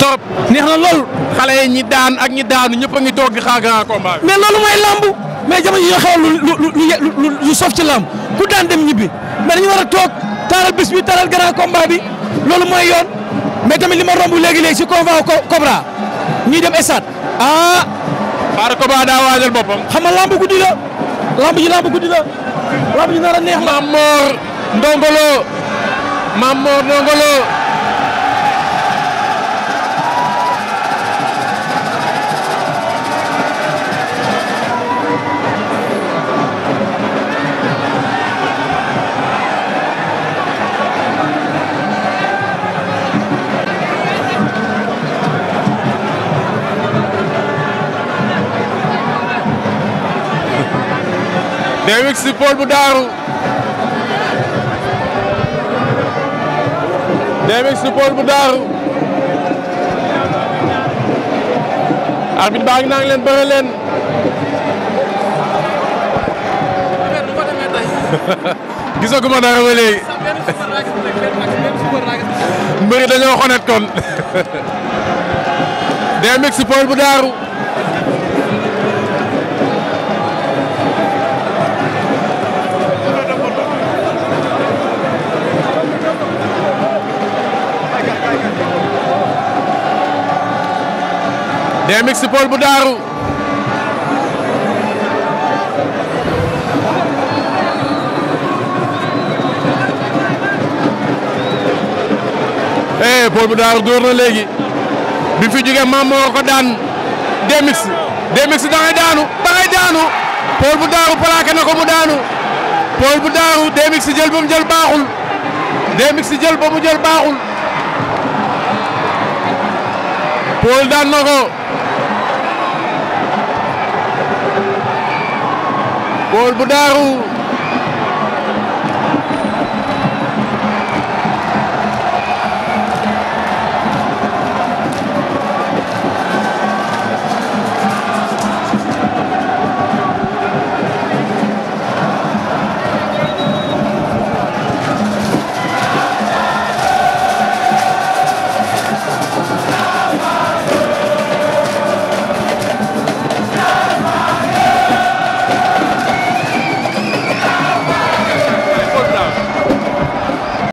torop neex na lool xale yi ñi daan ak ñi daanu ñëpp a ngi toog di xaar grand combat mais loolu mooy lamb mais jamono yi xew lu lu lu sof ci lamb ku daan dem ñibbi mais dañu war a toog taaral bis taaral grand combat bi loolu mooy yoon mais tamit li ma romb léegi-léegi si convoi Cobra ñuy dem stade ah. Baara Cobra daa waajal boppam. xam nga lamb guddi la ji lamb guddi la lamb ji nar a neex. Mamor Ndongolo Mamor Ndongolo. Dewix si Paul bu Daaru Dewix si Paul bu Daaru baa ngi naan leen bëre leen gisaguma dara ba léegi mbëri dañoo kon Dewix si Paul bu Daaru Demix Paul bu Daaru eh Paul bu Daaru dóor na léegi bi fi jógee maam moo ko daan Demix Demix da ngay daanu da daanu Paul bu Daaru plaqué na ko mu daanu Paul bu Daaru Demix jël ba mu jël baaxul Demix jël ba mu jël baaxul Paul daan na ko bool bu daaru